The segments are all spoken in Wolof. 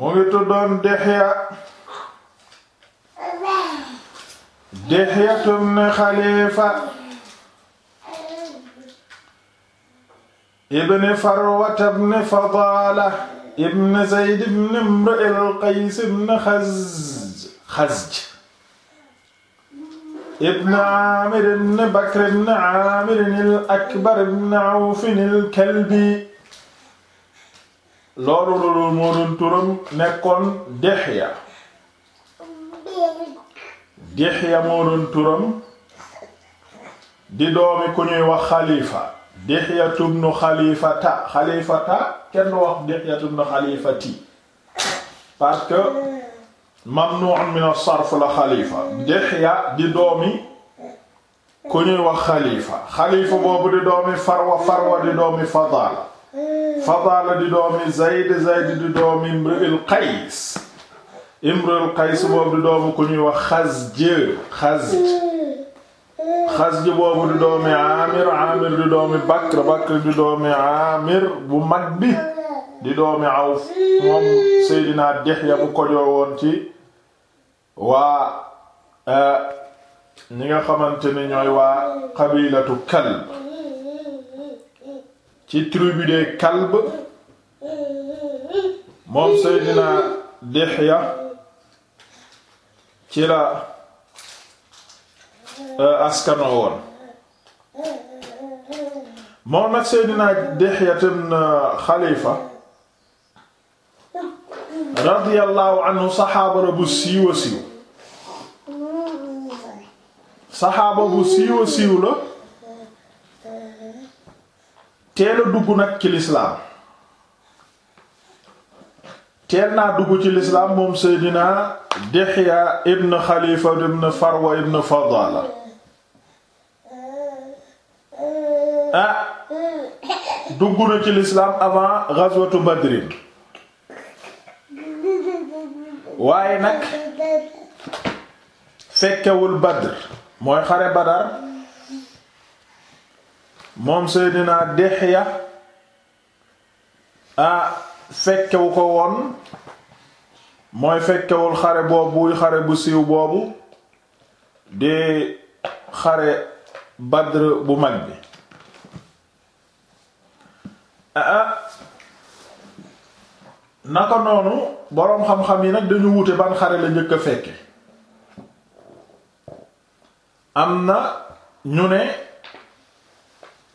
mu ngi tuddoon Dihya Dihya ibn Khalifa ibn Farwa ibn Fadala ibn Zayd ibn Imr al-Qays ibn Khazj Khazj ibn Amir ibn Bakr ibn Amir al-Akbar ibn Awf al-Kalbi loolu loolu moo doon nekkoon Dihya Dihya moo di doomi ku ñuy wax Xalifa Dihya tubnu Xalifata Xalifata kenn wax Dihya tubnu Xalifati parce que mamnu'un min as-sarf la Xalifa Dihya di doomi ku ñuy wax Xalifa Xalifa boobu di doomi Farwa Farwa di doomi Fadala Fadaala di doomi Zayd Zayd di doomi Imrul Qays Imrul Qays boobu di doomu ku ñuy wax Xazj Xazj Xazj boobu di doomi Amir Amir di doomi Bakr Bakr di doomi Amir bu mag bi di doomi Awf moom Seydina Dihya bu kojoo woon ci waa eh, ñi nga xamante ni ñooy waa qabilatu Kalb ci tribu de Kalb moom Seydina Dihya ci la euh, askanoo woon moom nag Seydina Dihya ibn Xalifa radiyallahu anhu saxaaba la bu siiwa siiw saxaaba bu siiwa siiw la teel dugg nag ci lislaam teel naa dugg ci lislaam moom seydina Dihya ibn Xalifa ibn Farwa ibn Fadala ah dugg na ci lislaam avant ghazwatu Badrin waaye nag fekkewul Badr mooy xare Badar moom Seydina ya a fekkewu ko woon mooy fekkewul xare boobu xare bu siiw boobu di xare Badr bu mag bi a naka noonu boroom xam-xam yi nag dañu wute ban xare la jëkk a fekke am na ñu ne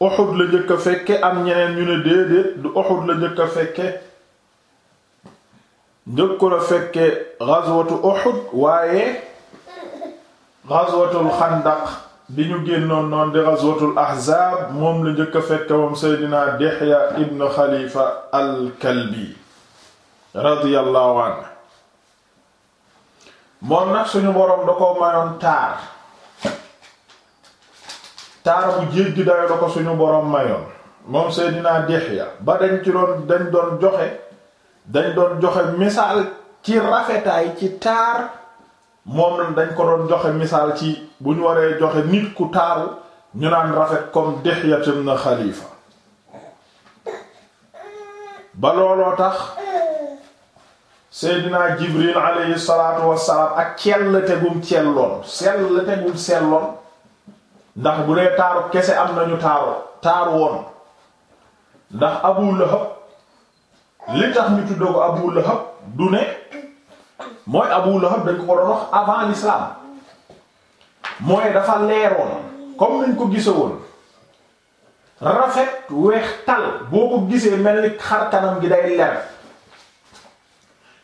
Uhud la jëkk a fekke am ñeneen ñu ne déedéet du Uhud la jëkk a fekke njëkku la fekke ghazwatu Uhud waaye ghazwatul Xandaq bi ñu génnoon noon di ghazwatul Ahzaab moom la jëkk a fekke moom Seydina Dihya ibn Khalifa al-Kalbi radiyallahu anhu moom nag suñu boroom da ko mayoon taar taar bu jéggi dayo la ko suñu borom mayoon moom Seydina Dihya ba dañ ci doon dañ doon joxe dañ doon joxe misaal ci rafetaay ci taar moom dañ ko doon joxe misaal ci bu ñu waree joxe nit ku taaru ñu naan rafet comme Dihya ibn Khalifa ba looloo tax Seydina Jibril aleyhi salaatu wassalaam ak cell tegum celloon sell tegum selloon ndax bu dee taaru kese am nañu taaru taaru woon ndax Abu Lahab li tax ñu tuddee ko Abu Lahab du ne mooy Abu Lahab dañ ko ko doon wax avant l'islam mooy dafa leeroon comme niñ ko gise woon rafet weex tal boo ko gisee mel ni xar kanam gi day leer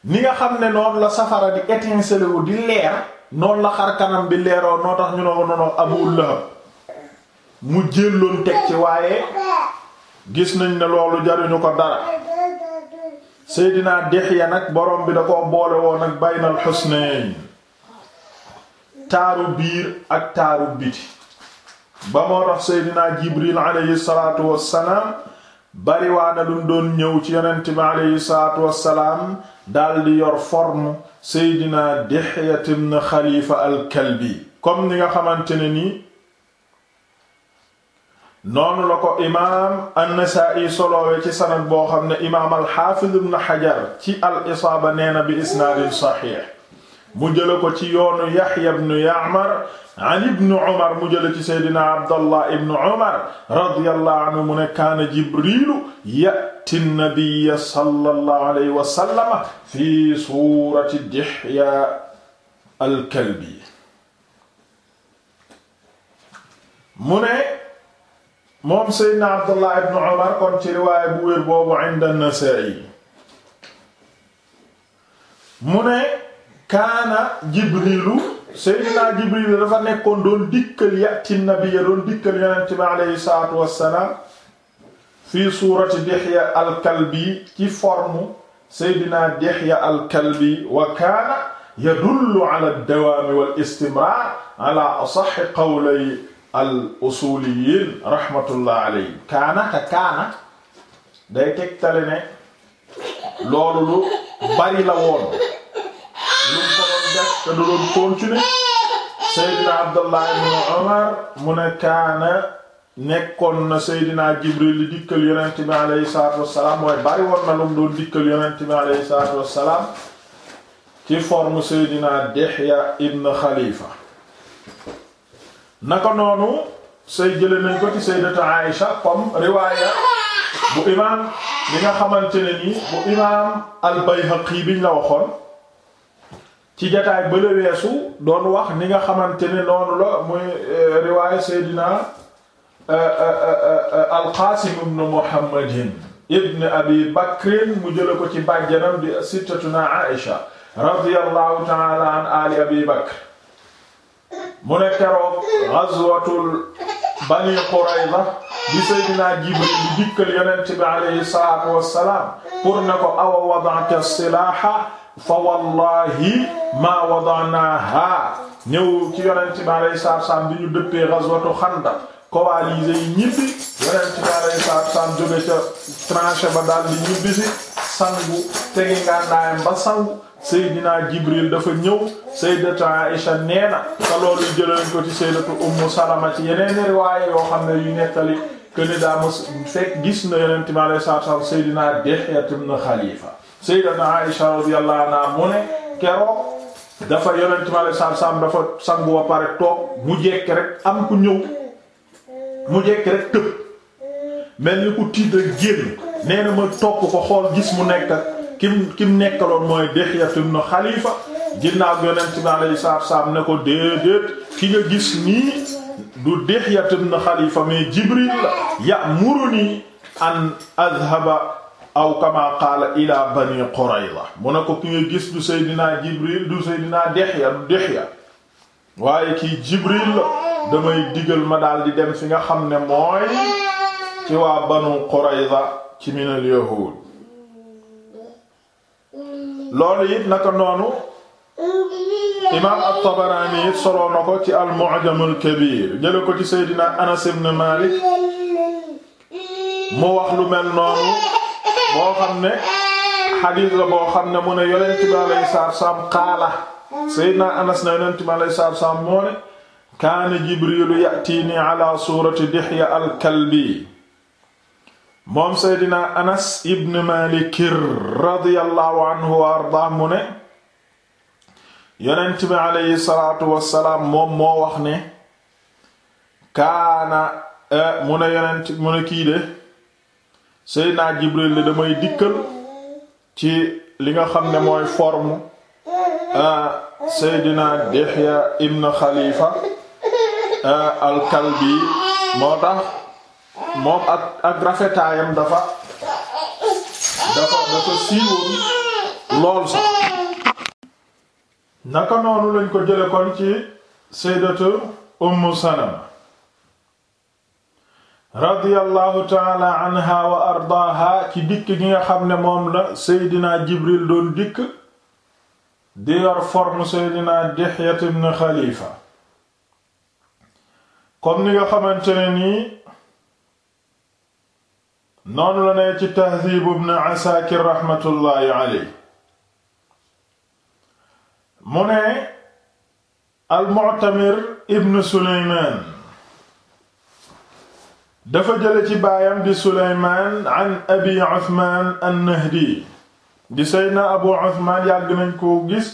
ni nga xam ne noonu la safara di étinceler wu di leer noonu la xar kanam bi leeroo noo tax ñu ne ko noonu Abu Lahab mu jëlloon teg ci waaye gis nañ ne loolu jariñu ko dara Seydina Dihya nag borom bi da ko boole woon ak baynal husnayn taaru biir ak taaru biti ba moo tax Seydina Jibril alayhi salaatu wassalaam bariwaana lu doon ñëw ci yonent bi alayhi salaatu wassalaam daldi yor forme Seydina Dihya ibn Xalifa al-Kalbi comme ni nga xamante ne nii noonu la ko imaam an-Nasaa'i soloowe ci sanad boo xam ne imaam al-Haafiz ibn Hajar ci al-Isaaba nee na bi isnaadin saxiix mu jële ko ci yoonu Yaxya ibn Ya'mar an ibn Umar mu jële ci Seydina Abdallah ibn Umar radiyallahu anhu mu ne kaana Jibriilu ya'ti an-nabiyya sallallahu alayhi wa sallama fi suurati Dihya al-Kalbi mu ne moom seydna abdullah ibn umar kon ci riwaaya bu wér boobu inda an-Nasaa'i mu ne kaana jibrilu seydna jibril dafa nekkoon doon dikkal yati nabiyya doon dikkal yonente bi aleyhi salaatu wassalaam fii suurati Dihya al-Kalbi ci forme seydna Dihya al-Kalbi wa kaana yadullu ala ad-dawaami wal istimraar ala asahhi qawlay al usuliyin rahmatullah alayhim kaana te kaana day tegtale ne loolu lu bari la woon lu mu ko doon def te du doon continuer Seydina Abdallah ibn Umar mu ne kaana nekkoon na Seydina Jibril di dikkal yonent bi alayhi salaatu wassalaam bari woon lu mu doon dikkal yonent bi alayhi salaatu wassalaam ci forme Dihya ibn Khalifa naka noonu say jële nañ ko ci sayyidatu Aïsha comme riwaaya bu imaam li nga xamante ne nii bu imaam al-Bayhaqi biñ la waxoon ci jataay bële weesu doon wax ni nga xamante ne noonu la muy euh, riwaaya sayyidina euh, euh, al-Qasim ibn Muhammadin ibn Abi Bakrin mu jële ko ci bàjjanam di sittatuna Aïsha radiyallahu ta'ala an Abi Bakr mu ne keroog ghazwatul bani Qurayza bi Seydina Jibril di dikkal yonent bi alayhi salaatu wassalaam pour ne ko awa wada'ta silaaha fa wallahi ma wada'naha ñëw ci yonent bi alayhi salaatu wassalaam bi ñu dëppee ghazwatu Xandaq coalisés yi ñibbi yonent bi alayhi salaatu wassalaam jóge ca tranchée ba daal di ñibbisi sangu tegi ngànnaayam ba sangu Seydina Jibril dafa ñëw Sayyidatu Aisha nee na te loolu jëlee ko ci Sayyidatu Ummu Salama ci yeneen riwaaya yoo xam ne yu nettali que ni daa fekk gis na Yonent mi alayhi salaatu wa salaam Seydina Dihya ibn Khalifa Sayyidatu Aisha radiyallahu anha mu ne keroog dafa Yonent mi alayhi salaatu dafa sangu ba pare toog mu jekk rek am ku ñëw mu jekk rek tëb. mel ni ku tiit ak génn nee na ma topp ko xool gis mu nekk kim kim nekkaloon mooy Dihya ibn Khalifa ginnaaw yonent bi alayhi salaatu salaam ne ko déedéet ki nga gis nii du Dihya ibn Khalifa mais Jibril la ya'muruni an adhhaba aw kama qaala ila bani Qurayza mu ne ko ki nga gis du Seydina Jibril du Seydina Dihya du Dihya waaye kii Jibril la damay digal ma daal di dem fi nga xam ne mooy ci waa banu Qurayza ci minal yahuud loolu it naka noonu imaam at-Tabaraani it soloo ko ci al-Mu'jam al-Kabiir jële ko ci Seydina Anas ibn Maalik mu wax lu mel noonu boo xam ne xadiis la boo xam ne mu ne yonent bi alayhi salaatu salaam qaala Seydina Anas na yonent bi alayhi salaatu salaam moo kaana Jibriilu ya'tiinii alaa suurati Dihya al-Kalbi moom seydina anas ibn malikir radiallahu anhu wa mu ne yonent bi aleyhi salaatu wassalaam moom moo wax ne kaana eh, mu ne yonent mu ne kii de seydina jibril de damay dikkal ci li nga xam ne mooy forme eh, seydina dihya ibn xalifa eh, al moo tax moom ak ak rafetaayam dafa dafa dafa siiwoon lool sax naka noonu lañ ko jële kon ci sayyidatu ummu salama radiyallahu taala wa ardaaha ci dikk gi nga xam ne moom la seydina jibril doon dikk di yor forme seydina dihyat ibn xalifa ni nga xamante nii noonu la ne ci tahdiib ibn asaakir raxmatullaahi aley mu ne almu'tamir ibn suleymaan dafa jële ci baayam di suleymaan an abi uthman an-nahdi di seydna abu uthman yàgg nañ ko gis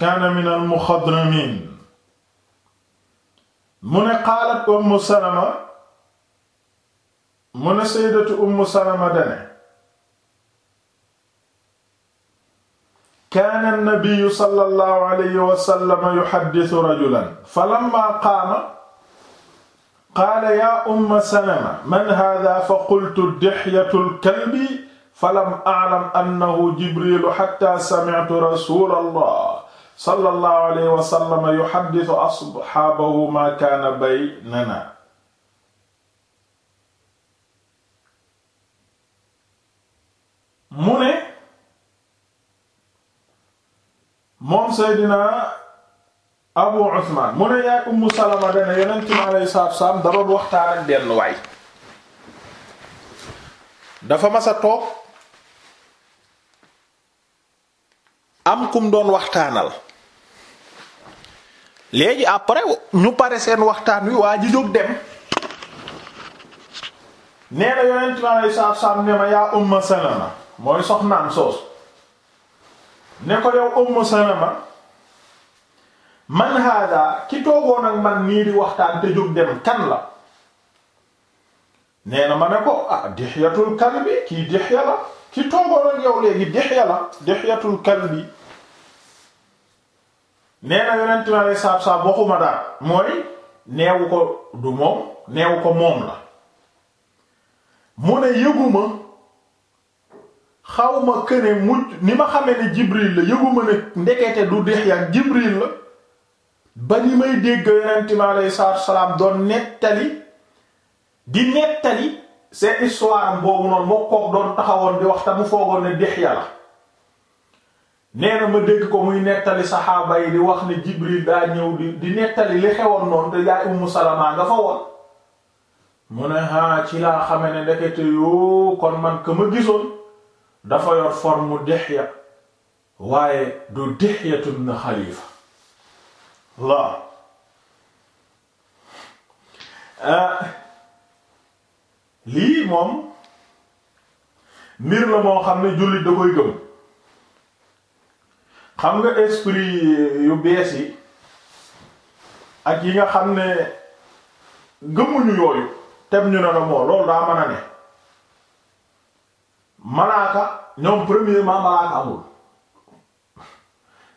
kaana min al muxadramiin mu ne qaalat ummu salama mu ne sayyidatu ummu salama dane kaana an-nabiyyu sallallahu alayhi wa sallam yuhaddithu rajulan falamma qaama qaala yaa umma salama man haadha fa qultu dihyatu al-kalbi falam a'lam annahu jibriil hatta sami'tu rasuulallah sallallahu alayhi wa sallam yuhaddithu ashaabahu maa kaana baynanaa mu ne moom Seydina Abu Usmaan mu ne yaay Ummu Salama dana yonent mi alayhi salaatu salaam da doon waxtaan ak benn waay dafa mas a toog am kum doon waxtaanal léegi après ñu pare seen waxtaan wi waa ji dem nee na yonent mi alayhi salaatu salaam ne ma yaa Ummu Salama mooy soxnaam soos ne ko yow Ummu ma man hada ki toogoon ak man nii di waxtaan te jóg dem kan la nee na ma ne ko ah Dihyatul Kalbi kii Dihya la ki toogoon ak yow léegi Dihya la Dihyatul Kalbi nee na yonent mi alei saab saab waxuma daal mooy neewu ko du moom neewu ko moom la mu ne yëguma xawma këne mu ni ma xamee ne jibril la yëguma ne ndekete du Dihya jibril la ba ni may dégg yonent mi aleyhi salaatu wasalaam doon nettali di nettali seen histoire boobu noonu moo koog doon taxawoon di wax mu foogoon ne Dihya la nee ma dégg ko muy nettali saxaaba yi di wax ne jibril daa ñëw di di nettali li xewoon noonu te yaay Ummu Salama nga fa woon mu ne haa ci laa xame ne ndekete yoo kon man ka gisoon dafa yor mu Dihya waaye du Dihyatu ibn Xalifa ah, lii moom mbir la moo xam ne jullit da koy gëm xam nga esprit yu bees yi ak yi nga xam ne gëmuñu yooyu tem ñu ne la moo loolu daa mën a ne malaaka ñoom premier malaaka amul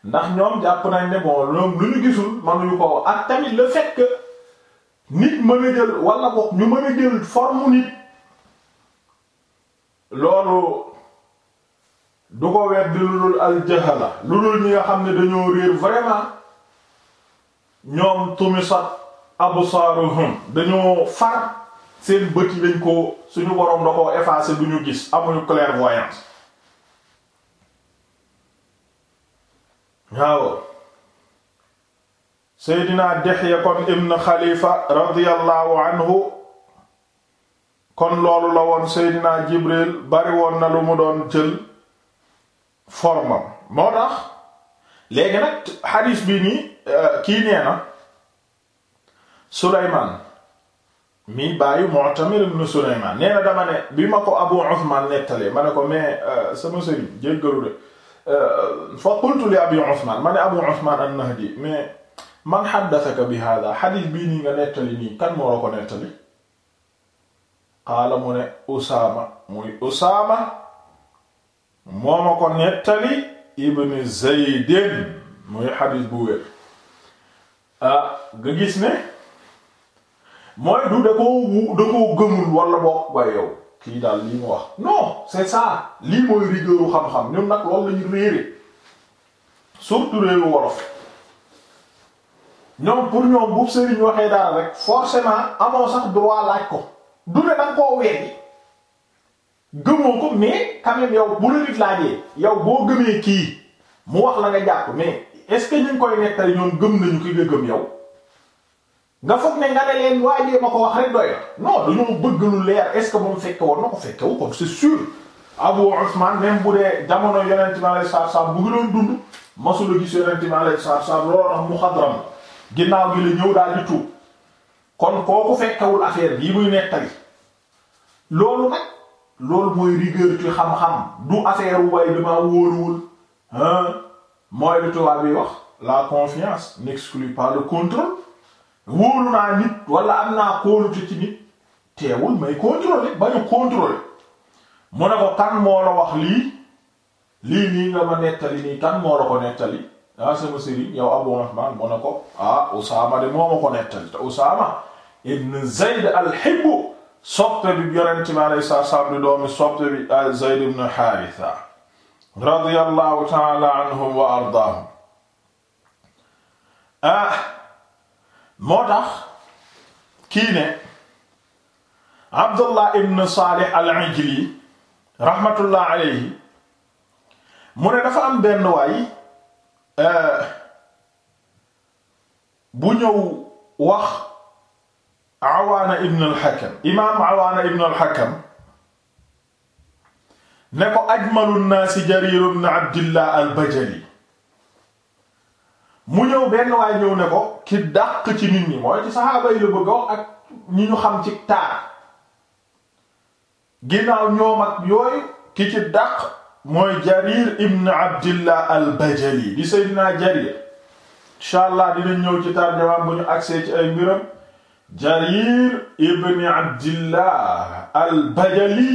ndax ñoom jàpp nañ ne bon lu ñu gisul mënuñu ko ak tamit la fait que nit mën a jël wala ñu mën a jël nit loolu du ko wedd lu dul aljahala lu dul ñi nga xam ne dañu réer vraiment ñoom tumisat absaruhum dañoo far seen bët yi lañ ko suñu boroom da koo effacer ñu gis amuñu clairvoyance waaw Seydina Dihya kon ibn Khalifa radiyallahu anhu kon loolu la woon Seydina Jibril bari woon na lu mu doon jël formam moo tax léegi nag xadiis bi nii euh, kii nee na Sulaymaan mii bàyyi Mu'tamir ibn Sulaymaan nee na dama ne bi ma ko Abu Usmaan nettalee ma ne ko mais euh, sama sëriñ jéggalu de euh, fa qultu li Abi Usmaan ma ne Abu Usmaan an-Nahdi mais man haddathaka bi haadaa xadiis bii nii nga nettali nii kan moo la ko nettali qaala mu ne Usaama muy Usaama moo ma ko nettali ibn Zayd muy xadiis bu wér ah nga gis ne mooy du da koo da koo gëmul wala bokk ba yow kii daal lii mu wax non c'est ça lii mooy rigueur xam-xam ñun nag loolu lañu réere surtout réewu wolof ñoom pour ñoom bu sëriñ waxee dara rek forcément amoo sax droit laaj ko du ne danga koo weddi gëmoo ko mais quand même yow bu la nit laajee yow boo gëmee kii mu wax la nga jàpp mais est-ce que ñu ngi koy nettali ñoom gëm nañu ki nga gëm yow nga foog ne nga ne leen waajee ma ko wax rek doy non dañoo bëgg lu leer est ce que moom fekke woon na ko fekke wu ko c'est sûr Abu Usman même bu dee jamono yonent bi alayhi salaatu salaam bu ngi doon dund masula gis yonent bi mu la ñëw daal di tuub kon kooku fekkewul affaire bi muy nettali loolu nag loolu mooy rigueur ci xam-xam du affaire way dama wóoruwul hein mooy lu bi wax la confiance n'exclut pas le contrôle wóolu naa nit wala am naa kóolute ci nit teewul may contrôler bañu contrôler mu ko kan moo la lii lii nii nga ma nettali nii kan moo ko nettali ah sama sëriñ yow Abu Rahman mu ne ko ah Usaama de moo ma nettali te Usaama ibn Zayd al-Hibbu soppe bi yonent bi alayhi salaam di doomi soppe bi ah, Zayd ibn Haarisa radiyallahu ta'ala anhum wa ardaahum ah, moo tax kii ne Abdullah ibn Salih al-Ijli rahmatullah alayhi mu ne dafa am benn waay euh, bu ñëw wax Awaana ibn al-Hakam imaam Awaana ibn al-Hakam ne ko ajmalu nnaasi Jarir ibn Abdillah al-Bajali mu ñëw benn waay ñëw ne ko ki dàq ci nit ñi mooy saxaaba yi la bëgg ak ñi ñu xam ci taar ginnaaw ñoom ak yooyu ki ci dàq mooy Jarir ibn Abdillah al-Bajali di Seydina Jarir incha allah dinañ ñëw ci taar jawaab bu ñu agsee ci ay mbiram Jarir ibn Abdillah al-Bajali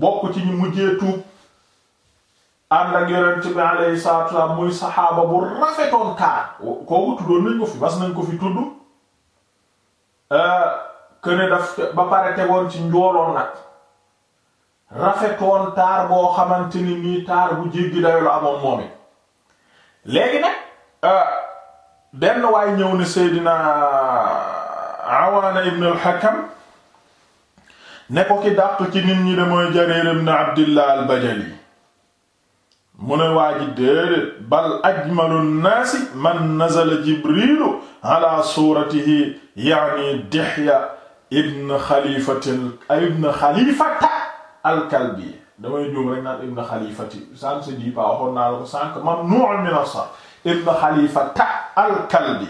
bokk ci ñu mujjee tuub ànd ak yonent bi alayhi salaatu wasallam muy bu rafetoon taar kooku tuddoon nañ ko fi bas nañ ko fi tudd këne euh, daf ba pare tegoon ci njooloon nag rafetoon taar boo xamante ni nii taar bu jéggi dayo la amoon moom it léegi nag euh, benn ñëw ne Seydina Awaana ibn al ne ko ki dàq ci nit ñi de mooy Jarir ibn Abdillah al-Bajali mu ne waa ji déedéet bal ajmalu nnaasi man nazala jibrilu ala suratihi yaani dihya ibn xalifatil ibn xalifata alkalbi damay juum rek naan ibn xalifati san se di pas waxoon naa la ko sànq mamnu' min as-sarf ibn xalifata alkalbi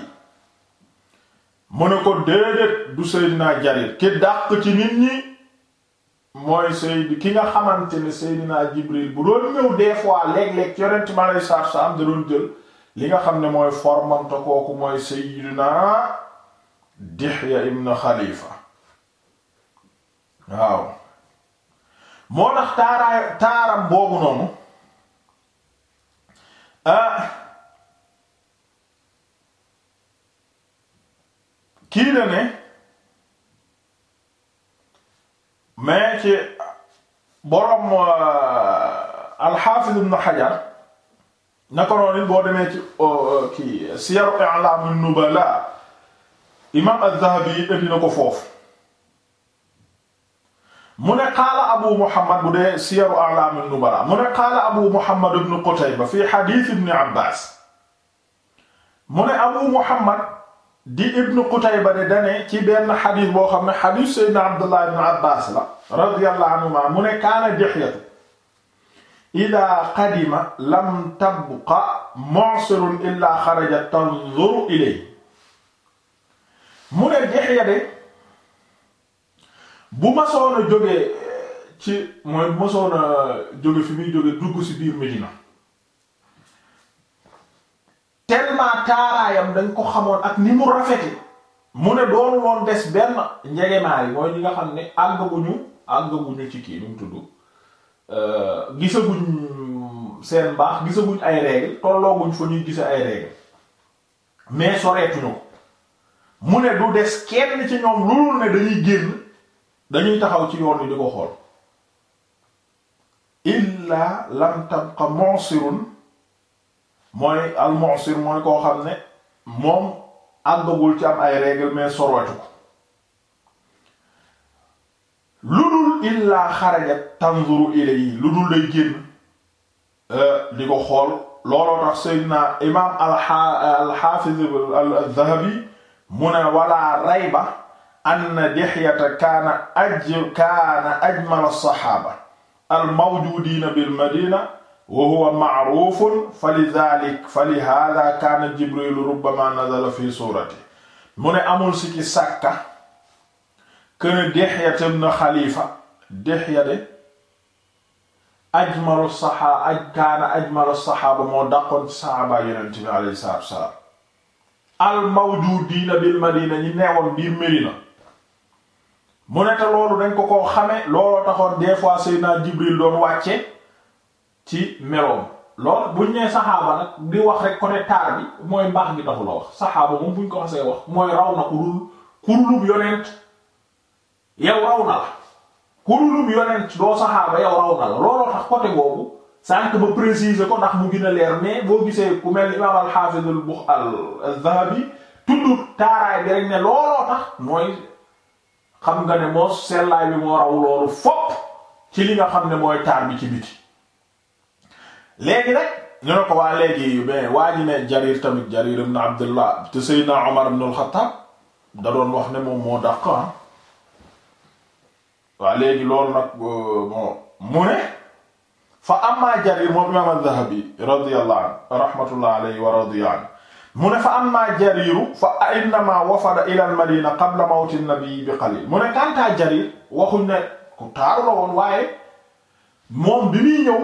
mu ne ko déedéet du sayyidina Jarir ki dàq ci nit ñi mooy Seydou ki nga xamante ne Seydina Jibril bu doon ñëw des fois léeg-léeg ci yonent mi alayhi salaatu salaam da jël li nga xam ne mooy formante kooku mooy Seydina Dihya ibn Khalifa waaw moo tax taaraay taaram boobu noonu ah, kii la mais ci borom euh, alxaafiz ibn Hajar naka noonu it boo demee ci euh, euh, kii Siyar A'lam an-Nubala imaam az-Zahabi indi na ko foofu mu ne qaala abu muhammad bu dee Siyar A'lam an-Nubala mu ne qaala abu muhammad ibn Qutayba fi hadith ibn Abbas mu ne abu muhammad di ibnu Qutayba ne dane ci benn xadiis boo xam ne xadiis Seydina Abdullah ibn Abbaas la radiyallahu anhuma mu ne kaana Dihyatu ida qadima lam tabqa mu'sirun illa xaraja tanzuru ilayhi mu ne Dihya de bu masoon a jóge ci mooy bu masoon a jóge fi muy jóge dugg ci biir Medina tellement taaraayam dañ ko xamoon ak ni mu rafete mu ne doonu loon des benn njegemaar yi mooy ñi nga xam ne àggaguñu àggaguñu ci kii ñu tudd euh, gisaguñ seen baax gisaguñ ay règle tollooguñ fa ñuy gise ay règle mais soreetuñu ko mu ne du des kenn ci ñoom loolu ne dañuy génn dañuy taxaw ci yoon wi di ko xool illa lam tabqa mooy al-mu'sir mooy koo xam ne moom àggagul ci am ay règle mais sorootu ko lu dul illaa xarajat tanzuru ilayhi lu dul day génn euh, di ko xool looloo tax sayyidina imaam al-hafiz al-dhahabi mu ne wala rayba anna dihyata kaana aj kaana ajmal as-sahaaba al-mawjuudiina bil madina wa huwa ma'rufun fa li dhalik fa li hadha kaana jibril rubbama nazala fi surati mu ne amul sikki sàkka kene Dihya ibn Khalifa Dihya de ajmalu saxaaba moo daqoon ci saxaaba yonent bi alayhi salaatu wa salaam al bil Madina ñi neewoon biir Medina mu ne te loolu dañ ko koo xame looloo taxoon des fois Seydina Jibril doon wàcce ci meloom loolu buñ nee saxaaba nag di wax rek côté taar bi mooy mbaax gi taxu la wax saxaaba moom buñ ko xasee wax mooy raw na kurul kurulub yonent yow raw na la kurulub yonent doo saxaaba yow raw na la looloo tax côté boobu sànq ba préciser ko ndax mu gën leer mais boo gisee ku mel imaam al-Hafiz al-Dhahabi tudd taaraay bi rek ne looloo tax mooy xam nga ne moo sellaay bi moo raw loolu fopp ci li nga xam ne mooy taar bi ci léegi nag ñu ne ko waa léegi ben waa ji ne Jarir tamit Jarir ibn Abdullah te Seydina Omar ibn al-Khattab da doon wax ne moom moo dàq ah waa léegi loolu nag euh, bon mu ne fa amma Jarir moom imaam al-Dhahabi radiyallahu anhu rahmatullahi alayhi wa radiya anhu mu ne fa amma Jariru fa innama wafada ila al-Madina qabla mawti an-nabi bi qalil mu ne kantaa Jarir waxuñ ne ku taaru la woon waaye moom bi muy ñëw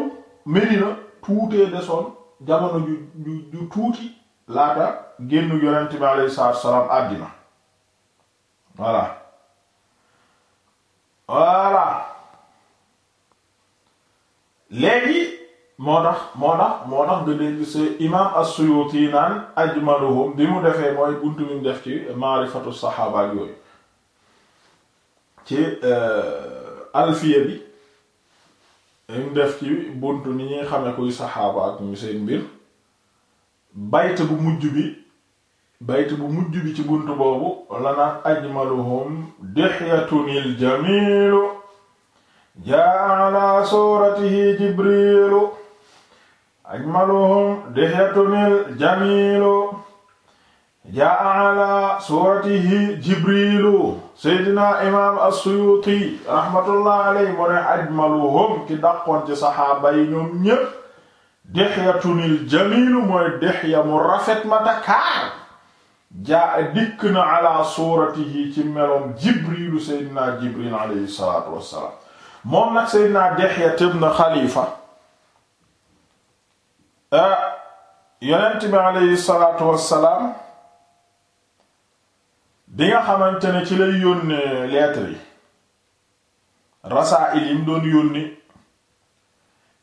Medina tuutee desoon jamono ju ju tuuti laata génnu yonent bi alayhi salaatu àddina voilà voilà léegi moo tax moo tax moo tax nga dégg c'est imam as naan ajmaluhum bi mu defee mooy buntu bi mu def ci maarifatu saxaaba yooyu ci euh, alfiya bi ñu def ci bunt ni ñuy xame kuy saxaaba ak ñu seen mbir bayt bu mujj bayt bu mujj bi ci buntu boobu la naan ajmaluhum dixyatunil jamilu jaa ala suratihi jibrilu ajmaluhum dixyatunil jamilu jaa ala suratihi jibrilu seydina imam assuyuti rahmatullah alayhi mu ne ajmaluhum ki dàqoon ci saxaaba yi ñoom ñépp dexyatunil jamilu mooy dexya mu rafet ma takaar jaa dikk na ala suratihi ci meloom jibrilu seydina jibril alayhi salatu wassalaam moom nag seydina dexya ibn xalifa ah, yonent bi alayhi salatu wassalaam bi nga xamante ne ci lay yónnee lettre yi rasaa'il yi mu doon yónni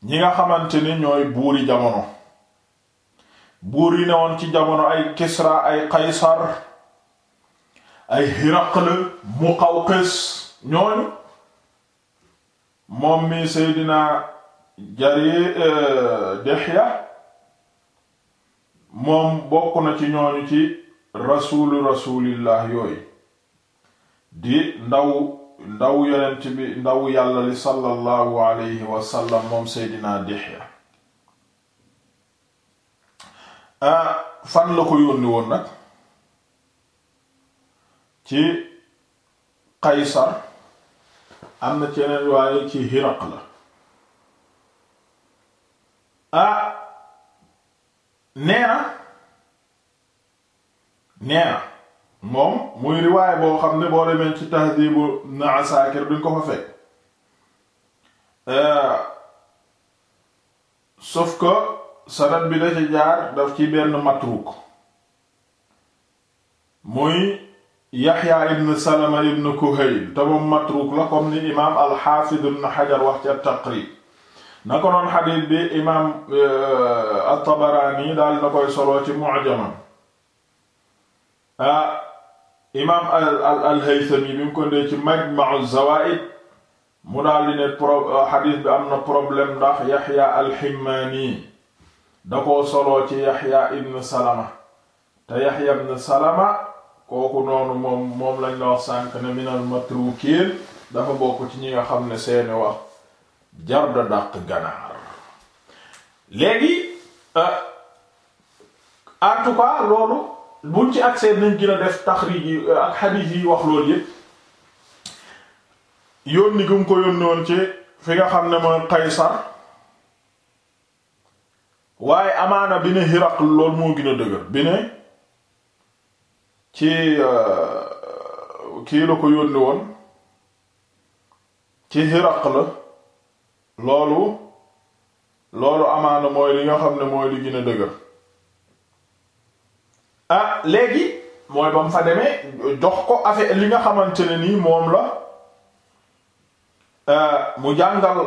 ñi nga xamante ne ñooy buuri jamono buur yi ne woon ci jamono ay Kisra ay Qaysar ay Hiraql Muqawqis ñooñu moom mi dina Jari eh, Dihya moom bokk na ci ñooñu ci rasuulu rasuulillah yooyu di ndaw ndaw yonent bi ndaw yàlla li sallallahu alayhi wasallam moom ah, fan la ko yónni woon nag ci Qaysar am na ci yeneen waaye ci Hiraq la ah nee na moom muy riwaay boo xam ne boo demee ci tahdibu na asakir duñ ko fa fekk euh, sauf que sanad bi da ci jaar daf ci benn matruk muy yaxya ibn salama ibn kuhayl te moom matruk la comme ni imaam alxaafid ibn xajar wax ci at-taqrib na ko noon xadiis bi imaam euh, at-tabaraani daal na koy solo ci mu'jamam ah imaam al al-Haythami bi mu ko ndee ci Majma'u Zawaa'id mu daal di ne pro xadiis bi am na problème ndax Yaxya al-Himmaani da koo soloo ci Yaxya ibn Salama te Yaxya ibn Salama kooku noonu moom moom lañ la wax sànk ne min al-matruukiin dafa bokk ci ñi nga xam ne seeni wax jar da dàq ganaar léegi euh, en tout cas buñ ci accès nañ gën a def taxrij yi euh, ak xadiis yi wax loolu yëpp yónni gum ko yónni woon ci fi nga xam ne mooy Qaysar waaye amaana bi ne Hiraql loolu moo gën a dëgër bi ne ci euh, kii la ko yónni woon ci Hiraql la loolu loolu amaana mooy li nga xam ne mooy li gën a dëgër ah léegi mooy ba mu fa demee jox ko affaire li nga xamante ne nii moom la euh, mu jàngal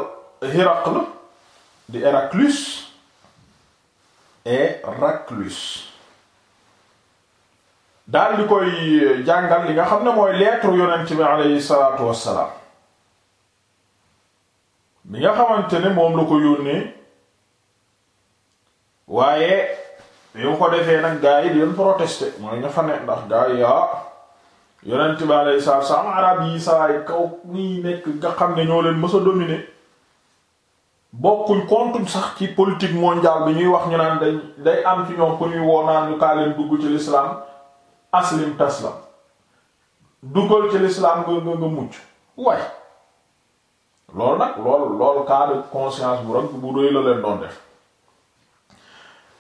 Héracle di Héraclus Héraclus daal di koy jàngal li nga xam ne mooy lettre yonent bi aleyhi salaatu bi nga xamante ne moom la ko yónnee waaye bi ko defee nag gaa yi di doon protester mooy nga fa ne ndax gaa yi ah yonent bi alayhi salaatu salaam arab kaw nii nekk nga xam ne ñoo leen mës a dominer bokkuñ kontuñ sax ci politique mondiale bi ñuy wax ñu naan dañ day am ci ñoom ku ñuy woo ñu kaa leen dugg ci l'islam aslim taslam duggal ci l'islam nga nga nga mucc waaye loolu nag loolu loolu cas de conscience bu rëgg bu doy la leen doon def.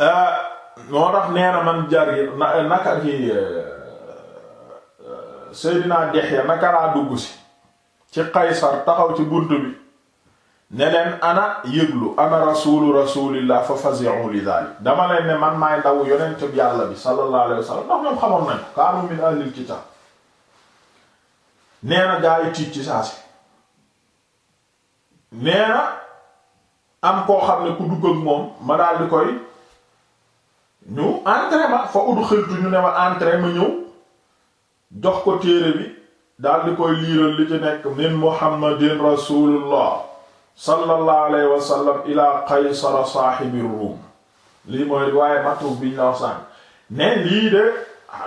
Euh, moo tax nee na man Jarir na eh, naka ci eh, eh, Seydina Dihya naka laa dugg si ci Qaysar taxaw ci bunt bi ne leen ana yëglu ana rasulu rasulillah fa fazi'u li dhalik dama leen ne man maay ndaw yonent bi yàlla bi sallallahu alayhi wa sallam ndax ñoom xamoon nañ kaanu min ahlil kitab nee na gaa tiit ci saa si nee na am koo xam ne ku dugg moom ma daal di koy ñu entré ma fa udd xiltu ñu ne ma entré ma ñëw jox ko téere bi daal koy liiral li ci nekk min muhammadin rasulullah sallallahu alayhi wa sallam ila qaysara saaxibi ruum lii mooy waaye matu biñ la wax ne lii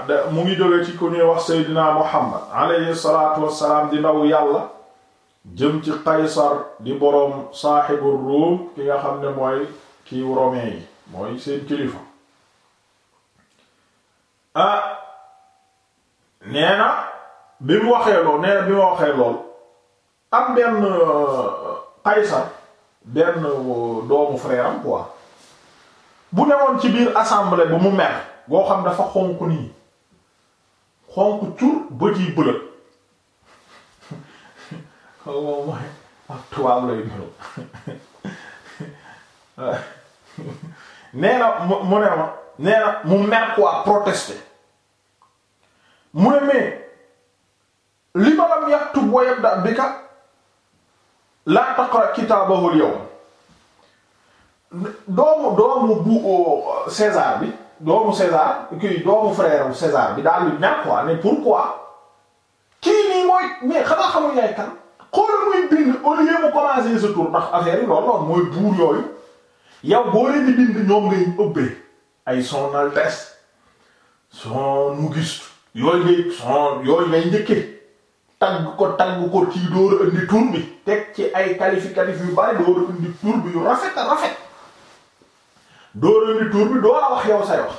de mu ngi jóge ci ku ñuy wax seydina muhammad alayhi salaatu wassalaam di ndaw yàlla jëm ci qaysar di borom saaxibu ruum ki nga xam ne mooy kii romain yi mooy seen kilifa ah nee na bi mu waxee lool nee bi mu waxee lool am benn Qaysar euh, benn euh, doomu frère am quoi bu newoon ci biir assemblée bu mu mer boo xam dafa xonq nii xonq cur bët yi bëlëg oh, moom mooy ak nee ma nee mu mer quoi protester mu ne mais li ma lam yaktub wa yabda bika la taqra kitaabahu al yawm doomu doomu bu euh, César bi doomu César kii doomu frère César bi daal di mer quoi mais pourquoi kii nii mooy mais xanaa xamul yaay kan xoolal muy bind au lieu mu commencer sa tour ndax affaire yi loolu loolu mooy buur yooyu yow boo leen di bind ñoom ngay ëbbee. ay son altesse son auguste yooyu ngay son yooyu ngay njëkkee tagg ko tagg ko ci dóor indi tur bi teg ci ay qualificatif yu bari dóor indi tur bi yu rafet a rafet dóor indi tur bi doo la wax yow say wax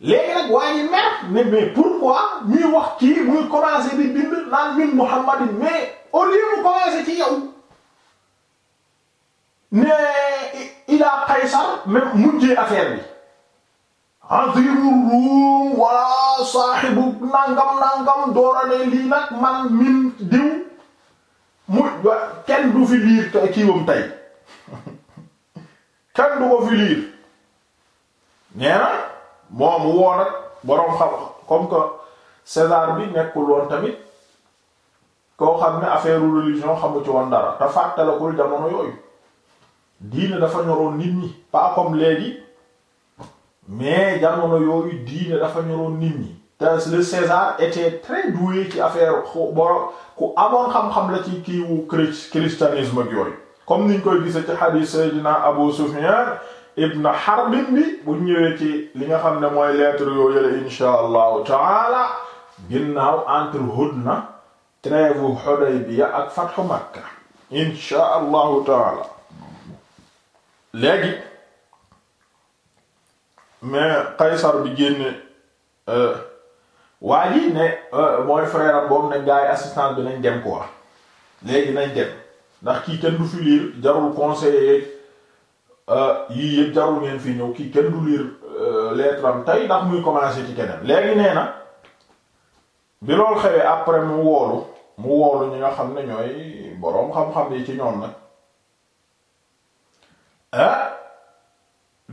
léegi nag waa mer ne mais pourquoi ñuy wax kii muy commencer di bind naan min Muhammadin mais au lieu mu commencer ci yow ne ila Qaysar même mujjee affaire bi azimu ruum wala saaxibu nangam nangam doora ne lii nag man min diw mu kenn du fi liir kiiwam tey kenn du ko fi liir nee moom woo nag boroom xam comme que César bi nekkul woon tamit koo xam ne affaire religion xamu ci woon dara te fàttalikul jamono yooyu diine dafa ñoroon nit ñi pas comme léegi. mais jamono yooyu diine dafa ñoroon nit ñi te le César était très doué ci affaire bo ku amoon xam-xam la ci kiiwu christianisme ak yooyu comme niñ koy gise ci hadith Seydina Abu Sufyan ibn Harb bi bu ñëwee ci li nga xam ne mooy lettre yooyu yële insha allahu taala ginnaaw entre Hudna trêve Hudaybiya ak fathu Makka insha allahu taala léegi mais Qaysar bi génne euh, waa ji ne euh, mooy frère am boobu ne gars yi assistance bi nañ dem quoi léegi nañ dem ndax kii kenn du fi liir jarul conseiller euh, yii yëpp jarul ngeen fi ñëw kii kenn du liir lettre am tey ndax muy commencer ci keneen léegi nee na bi loolu xewee après mu woolu mu woolu ñi nga xam ne ñooy boroom xam-xam yi ci ñoom nag ah.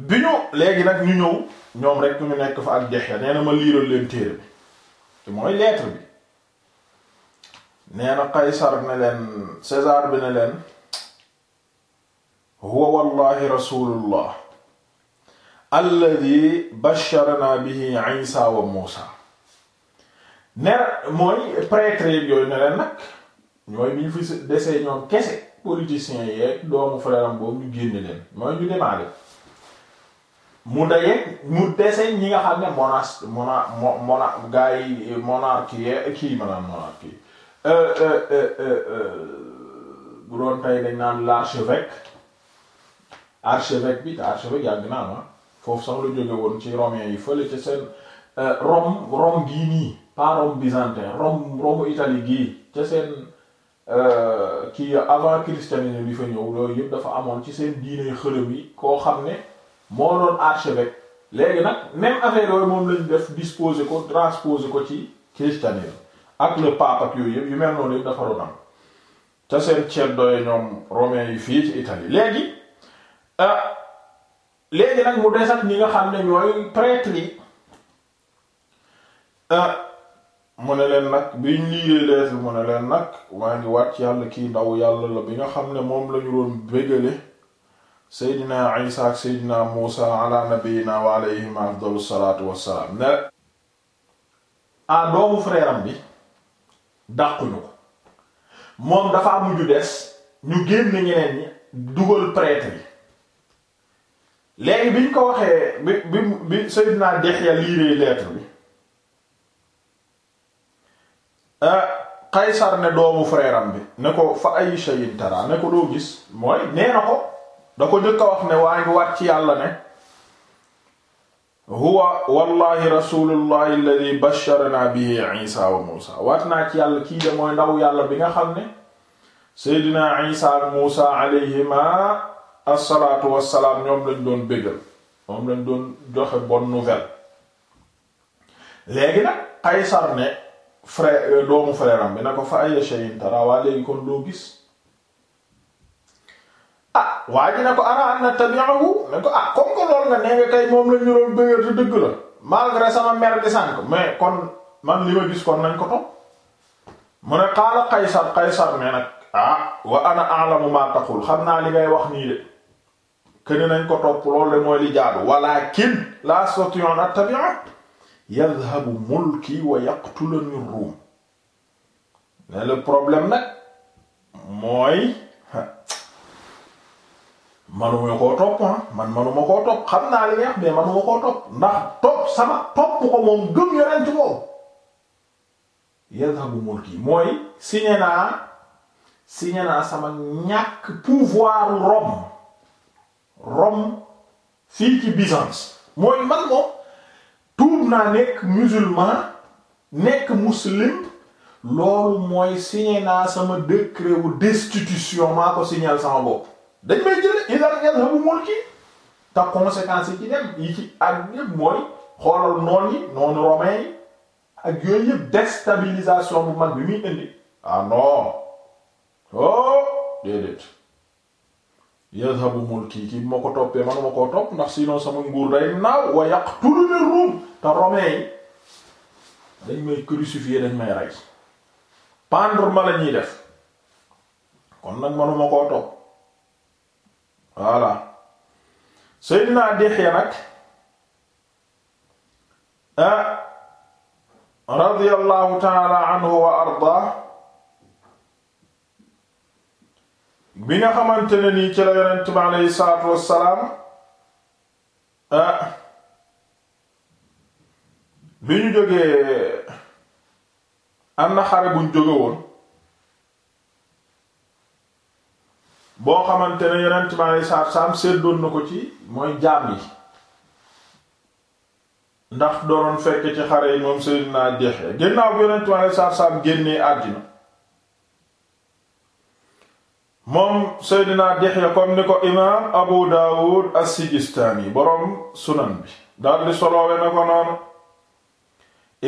bi ñu léegi nag ñu ñëw ñoom rek ñu nekk fa ak Yahya nee na ma liiral leen téere bi te mooy lettre bi nee na ne leen César bi ne leen huwa wallahi rasulullah alladhi basharana bihi Isa wa Musa ne mooy prêtre yooyu ne leen nag ñooy bi ñu fi desee ñoom kese politiciens yeeg doomu frère am boobu ñu génne leen mooy ñu demaale mu daje mu dese ñi nga xam ne monas mona mo mona gars yi monarchie kii maanaam monarchie euh, euh, euh, bu doon tey dañ naan l'archevêque archevêque bi te archevêque yàgg naa ma ah. foofu sax lu jóge woon ci romain yi fële ci seen Rome Rome gii nii pas Rome byzantin Rome Rome Italie gii ca seen kii avant christianisme bi fa ñëw loolu yëpp dafa amoon ci seen diine xërëm yi koo xam ne moo doon archevêque léegi nag même affaire yooyu moom lañ def disposer ko transposer ko ci christianisme ak le pape ak yooyu yëpp yu mel noonu yëpp dafa doon am te seen ceeb doye ñoom romain yi fii ci Italie léegi euh, léegi nag mu des ak ñi nga xam ne ñooy prêtre yi euh, mu ne leen nag biñ liiree lees bi mu ne leen nag maa ngi waat yàlla kii ndaw yàlla la bi nga xam ne moom lañu doon bégale seydina isa muusa ala nabiyina wa alayhim afdalu salaatu wassalaam ne a doomu frère bi dàquñu ko moom dafa mujj des ñu génn ñeneen ñi dugal prêtre léegi bi ñu ko waxee bi bi bi seydina Dihya liiree lettre bi Qaysar ne doomu frère bi ne ko fa ay shay'in ne ko doo gis mooy nee na ko da ko njëkk wax ne waa ngi waat ci yàlla ne huwa wallahi rasulullahi alladhi naa ci yàlla kii yàlla bi nga xam ne seydina isa ak muusa alayhima assalaatu wassalaam lañ doon bégal moom lañ doon joxe bonne nouvelle léegi nag Qaysar ne frère doomu frère am bi ko fa ay shay'in tara waa léegi kon doo waa ñu ne ko ara an nattabi'ahu ne ko ah comme lool nga nee nga kay moom la ñu doon bëgg te dëgg la malgré sama mer di sànk mais kon man li ma gis kon nañ ko topp mu ne qaala Qaysar Qaysar ne nag ah wa ana a'lamu ma taqul xam naa li ngay wax nii de kene nañ ko topp loolu de mooy li jaadu walakin la astati'u an attabi'a yadhhabu mulki wa yaqtuluni ar-rum mais le problème nag mooy manuma koo topp ah man manuma koo topp xam naa li neex mais manuma koo topp ndax topp sama topp ko moom gëm yonent boobu yadhabu mulki mooy signé naa signé naa sama ñàkk pouvoir Rome Rome fii ci Byzance mooy man moom tuub naa nekk musulman nekk muslim loolu mooy signé naa sama décret wu destitution maa ko signal sama bopp dañ may jële yi yi ci ak xoolal noon ak yooyu yëpp déstabilisation bu bi muy indi ah oh, moo ko toppee koo topp ndax sinon sama nguur day naaw wa yaqtuluna dañ may crucifier dañ may rey pendre ma la def kon nag manuma koo topp voilà Seydina Dihya nag ah radiyallahu taala anhu wa ardaa bi nga xamante ne nii ci la yonent bi aleyhi salaatu wassalaam ah bi ñu jógee am na xare buñ jóge boo xamante ne yonent bi alei saatu salaam séddoon na ko ci mooy jaam yi ndax doon fekk ci xare yi moom Seydina Dihya ginnaaw bi yonent bi alei saatu salaam génnee àddina moom Seydina Dihya comme ni ko imaam Abu Dawud as-Sijistaani boroom sunan bi daal di soloowe na ko noonu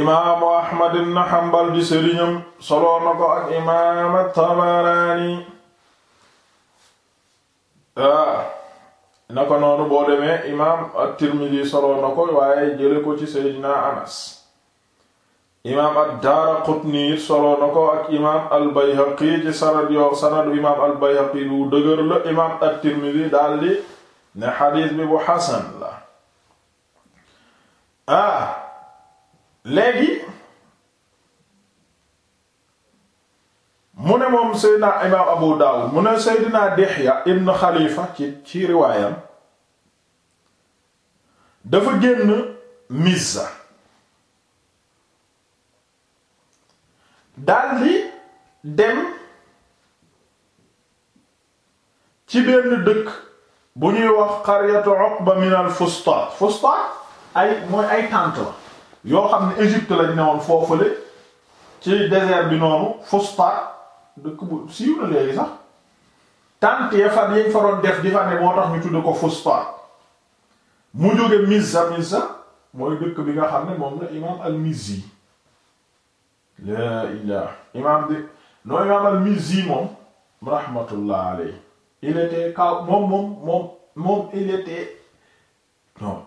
imaamu Ahmad ibn Hanbal di sëriñam soloo na ko ak imaam at-Tabaraani Ah, naka noonu boo demee imaam at-Tirmidhi soloo na ko waaye jële ko ci Seydina Anas imaam ad-Daaraqutni soloo na ko ak imaam al-Bayhaqi ci sanad yoo sanadu imaam al-Bayhaqi bu dëgër la imaam at-Tirmidhi daldi ne xadiis bi bu xasan la ah léegi mu ne moom seydina imaam abu daawud mu ne seydina dihya ibn xalifa ci ci riwaayam dafa génn mizza daldi dem ci benn dëkk bu ñuy wax qaryatu uqba min al fustaat fustaat ay mooy ay tànt la yoo xam ne Égypte lañ newoon foofule ci désert bi noonu fustaat dëkk bu siiw na léegi sax tant ya fan yañ fa def di fa ne moo tax ñu tudd ko Fustat mu jóge Mizza Mizza mooy dëkk bi nga xam ne moom la imaam al-Mizzi laa ilaa imaam di noo imaam al-Mizzi moom rahmatullah alayhi il était kaw moom moom moom moom il était non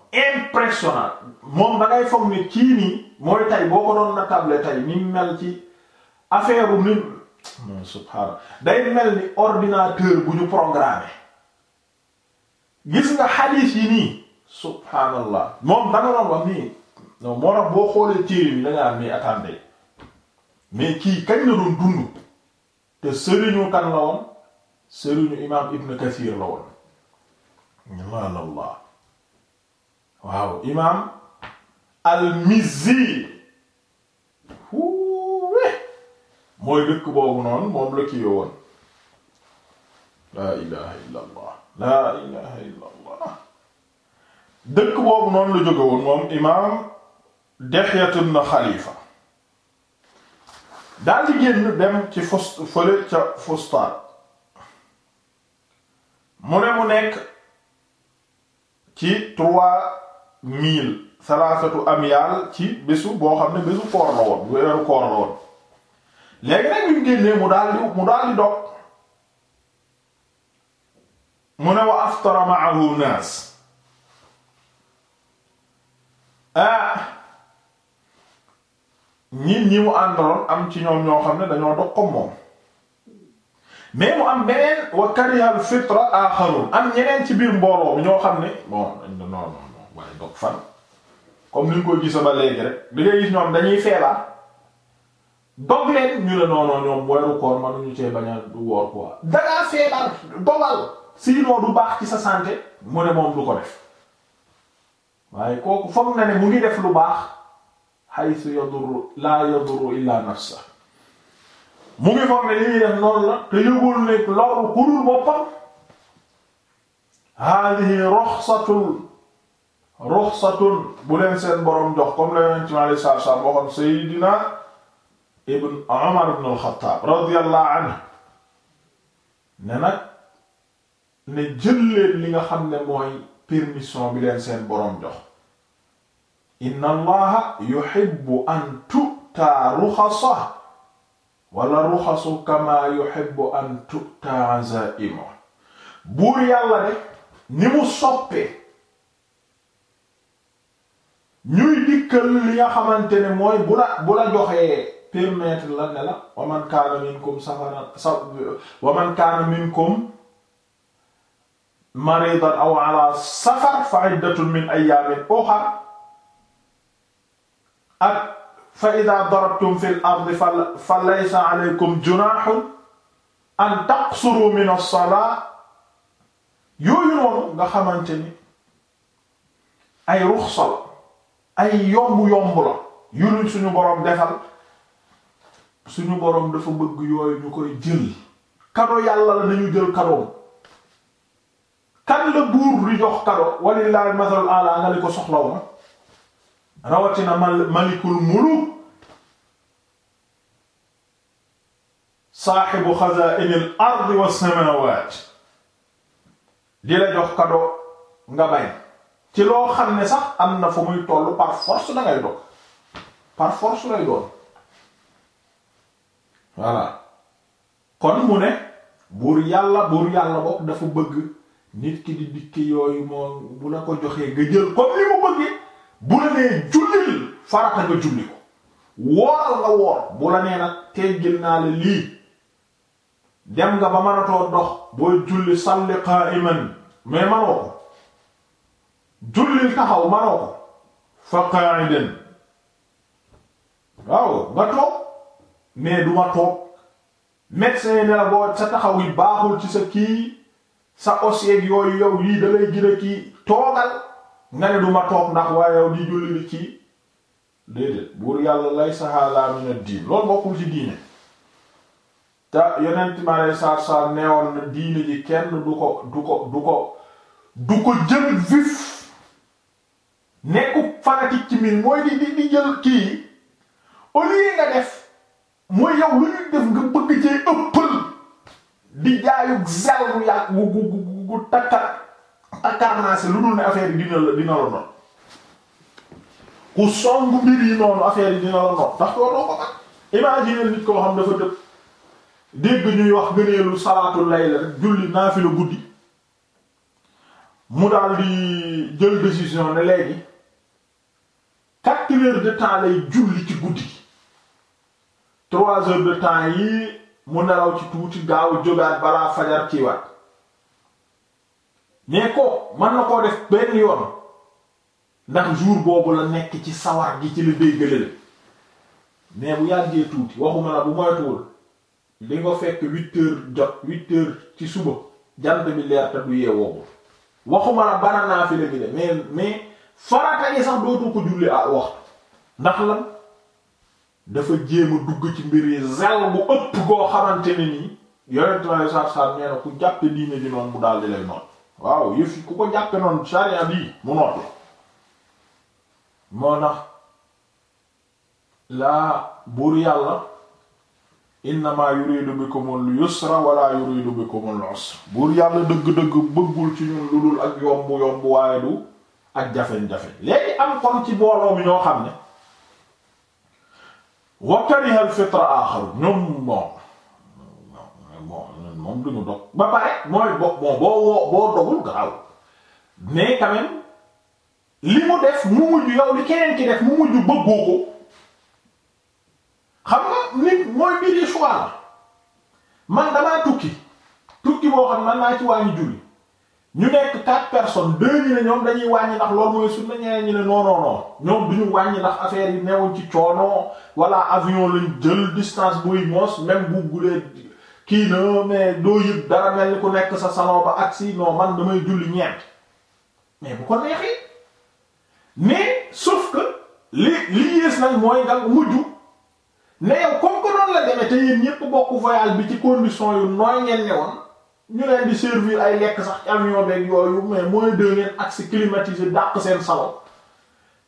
moom da ngay ne kii nii mooy tey boo ko doon na table tey ni mel ci affaire u non subhaanallah day mel ni ordinateur bu ñu programmé gis nga xadiis yi subhaanallah moom danga doon wax nii non moo boo xoolee téere bi da nga am ni attendez mais kii kañ la doon dund te sëriñu kan la woon sëriñu imaam Ibn Kathir la imaam al-Mizzi mooy dëkk boobu noonu moom la kii woon laa ilaha illa allah laa ilaha dëkk boobu noonu la jóge woon moom imaam Dexyatu ibn Xalifa daal di génn dem ci fust fële ca Fustaan mu ne mu nekk ci trois mille salaasatu amyaal ci bésu boo xam ne bésu koor la woon weeru koor la woon léegi nag ñu génnee mu daal di mu daal di dog mu ne wa aftara ma'ahu naas ah ñit ñi mu àndaloon am ci ñoom ñoo xam ne dañoo dog ko moom mais mu am beneen wa al fitra axarun am ñeneen ci biir mbooloo ñoo xam ne bon non non non waaye dog fan comme ni ñu ko gisa ba léegi rek bi ngay gis ñoom dañuy feebar dog leen ñu ne non ñoom weeru koor mënuñu cee bañ a du woor quoi. dangaa feebar dogal. sinon du baax ci sa santé. mu ne moom du ko def waaye kooku foog ne mu ngi def lu baax. haythu yadurru laa yadurru illaa nafsa mu ngi foog ne li def noonu la te yëgul ne loolu ku boppam. haadihi ruxsatun ruxsatun bu leen seen borom jox comme la Yonent mi alayhi salaatu wa ibn Umar ibn al-Khattab radiyallahu anhu ne nag ne jël leen li nga xam ne mooy permission bi leen seen boroom jox inna allaha yuhibbu an tu'ta ruxasa wala ruxasu kama yuhibbu an tu'ta azaimu buur yàlla de ni mu soppee ñuy dikkal li nga xamante ne mooy bu la bu la joxee permettre la ne la wa man kaana minkum safara wa man kaana minkum maridan aw ala safar fa iddatun min ayyamin ukhra ak fa idha darabtum fil ardi fa laysa alaykum junahun an taqsuru min as-salat yooyu noonu nga xamante ni ay ruxsa la ay yomb yomb la yu ñu suñu boroom defal suñu boroom dafa bëgg yooyu ñu koy jël kado yàlla la nañu jël kadoom kan la buur di jox kado walillahi masal ala nga li ko soxlaw na rawatina malikul muluk saaxibu xazaa'inil ardi was samaawaat di la jox kado nga bay ci loo xam ne sax am na fu muy tollu par force dangay dog par force lay doon voilà kon mu ne buur yàlla buur yàlla bopp dafa bëgg nit ki di dikk yooyu moom bu la ko joxee nga jël comme li mu bëggee bu la nee jullil farata nga julli ko wooral nga woor bu la nee nag teggil naa la lii dem nga ba mënatoo dox booy julli salli qa'iman mais manoo ko jullil taxaw manoo ko fa qa'idan waaw nga toog mais du ma toog médecin ne la sa taxaw baaxul ci sa kii sa osseeg yooyu yow lii da lay gën a kii toogal nga ne du ma toog ndax waaye yow di julli ni kii déedéet buur yàlla lay saxaala min ad-diin loolu bokkul ci diine te yonent mi alei saatu salaam na diine ji kenn du ko du ko du ko du ko jël vif nekku fanatique ci mbir mooy di di di jël kii au lieu nga def mooy yow lu ñuy def nga bëgg cee ëppal di jaayug zel bu yàgg bu bu bu bu takka akarnaase lu dul ne affaire yi dina la dina la noonu ku song mbir yi noonu affaire yi dina la noonu ndax doo doo ko imagine nit koo xam dafa dëpp dégg ñuy wax gëneelu salaatul layla rek julli naafila guddi mu daal di jël décision ne léegi quatre heures de temps lay julli ci guddi trois heures de temps yii mu nelaw ci tuuti gaaw jógaat balaa fajar ci waat mais ko mën na koo def benn yoon ndax jour boobu la nekk ci sawar gi ci la déggale la mais bu yàggee tuuti waxuma la bu moytuwul di nga fekk huit heures jot huit heures ci suba jant bi leer te du yeewoo waxuma la bana naa fi la gi de mais mais farata yi sax dootu ko julli à waxtu ndax lan dafa jéem a dugg ci mbir yi zel bu ëpp goo xamante ni nii yonent ma saaf saaf nee na ku jàppe diine di noonu mu daal di lay noot waaw yëf ku ko jàppe noonu charia bii mu noot la moo tax laa buur yàlla innama yuridu bikumul yusra wala yuridu bikumul usra buur yàlla dëgg-dëgg bëggul ci ñun lu dul ak yomb yomb waaye du ak jafeñ-jafeñ léegi am kon ci booloo bi ñoo xam ne wa kariha al fitra axaru ñoom bon bon moom duñu dog ba pare mooy boo boo dogul garaw mais quand même li mu def mu mujj yow li keneen ki def mu mujj bëggoo ko xam nga nit mooy mbiri choix la man damaa tukki tukki boo xam man naa ci wàññi julli ñu nekk quatre personnes deux ñi ne ñoom dañuy wàññi ndax loolu mooy sunna ñeneen ñi ne non non ñoom duñu wàññi ndax affaire yi neewuñ ci coono wala avion lañ jël distance buy moos même bu gulee kii na mais doo yëg dara mel ni ku nekk sa salon ba agsi non man damay julli ñeent mais bu ko neexee mais sauf que li li yées bokk voyage bi ci condition yu nooy ngeen ne woon ñu leen di servir ay lekk sax ci avion beeg yooyu mais mooy de ngeen accès climatisé dàq seen salon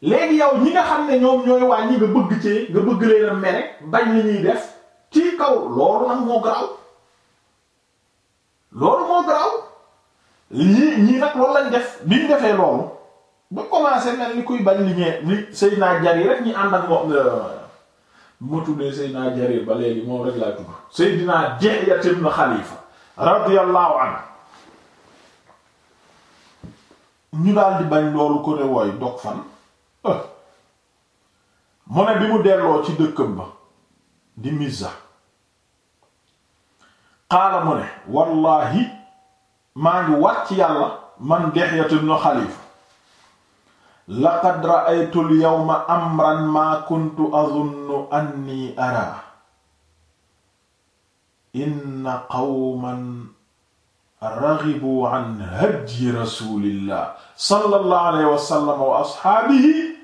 léegi yow ñi nga xam ne ñoom ñooy wàññi nga bëgg cee nga bëgg leen a mere bañ li ñuy def ci kaw loolu nag moo garaaw loolu moo garaaw lii ñii nag loolu lañ def bi ñu defee loolu ba commencé mel ni kuy bañ li ñee li Seydina Jarir rek ñu ànd ak moom euh, ma tuddee Seydina Jarir ba léegi moom rek laa tudd Seydina Dihya ibn Khalifa radiyallahu anhu ñu daal bañ loolu ko ne wooy dog fan eh. mu ne bi mu delloo ci dëkkam ba di Mizza qaala mu ne wallaahi maa ngi wàcc yàlla man Dihya ibn Khalifa laqad ra'aytu al amran maa kuntu adhunnu anni araa inna qawman raghibuu an hadyi rasulillah sallallahu alayhi wa sallam wa ashaabihi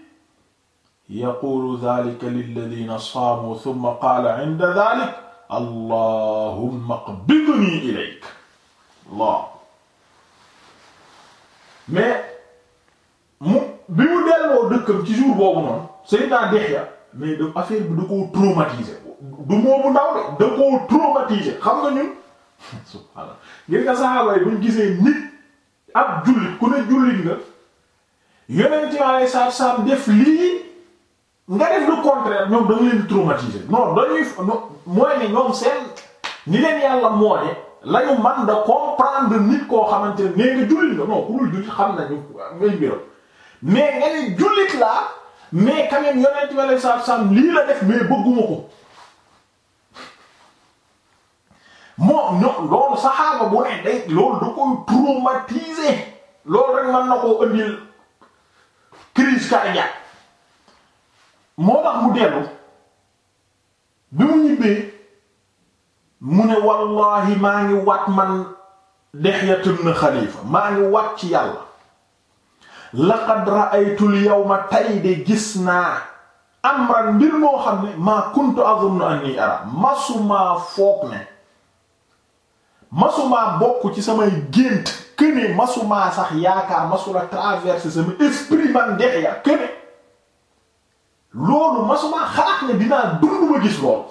yaquulu dhaalika lilladhiina saamu thumma qaala 'inda dhaalika allahumma iqbidnii ilayk Allah mais mu bi mu delloo dëkkam ci jour boobu noonu Seydina Dihya mais affaire bi da koo traumatisé du moomu ndaw de da koo traumatisé xam nga ñun subhaanallah ngir nga saxaaba yi buñ gisee nit ab jullit ku ne jullit nga yonent waaye saab saab def lii nga ñoom da nga leen traumatisé non dañuy mooy ne ñoom seen ni leen yàlla mooy lañu man da comprendre nit koo xamante ne nee nga jullit nga non ku dul jullit xam nañu ngay mbiram mais nga ne jullit laa mais quand même yonent waaye saab saab lii la def mais bëgguma ko moom ñoom loolu saxaaba bu ne day loolu da koy traumatiser loolu rek mën na koo indil crise cardiaque moo tax mu dellu bi mu ñibbee mu ne wallahi maa ngi wat man Dihya ibn Khalifa maa ngi wat ci yàlla laqad ra'aytu al tay de gis naa amran mbir moo xam ne maa kuntu azunnu anni ara masuma foog ne masumaa bokk ci samay gént këne masumaa sax yaakaar masula traverser sama esprit man Dihya këne loolu masumaa xalaat ne dinaa dund ma gis loolu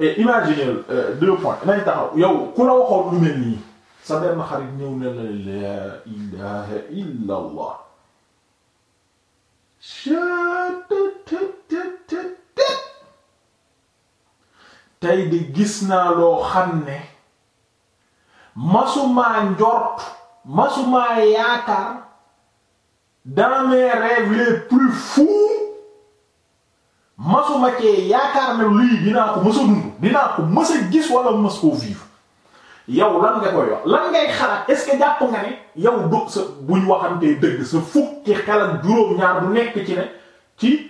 et imaginez euh, deux nañ taxaw yow ku la waxoon lu mel nii sa benn xarit ñëw ne la laa ilaha illa tey di gis naa loo xam ne masumaa njort masumaa yaakaar dans mes rêves les plus fous masuma cee yaakaar ne lii dinaa ko mës a dinaa ko mës gis wala mës vivre yow lan nga koy wax lan ngay xalaat est ce que jàpp nga ne yow do sa buñ waxantee dëgg sa fukki xelam juróom-ñaar bu nekk ci ne ci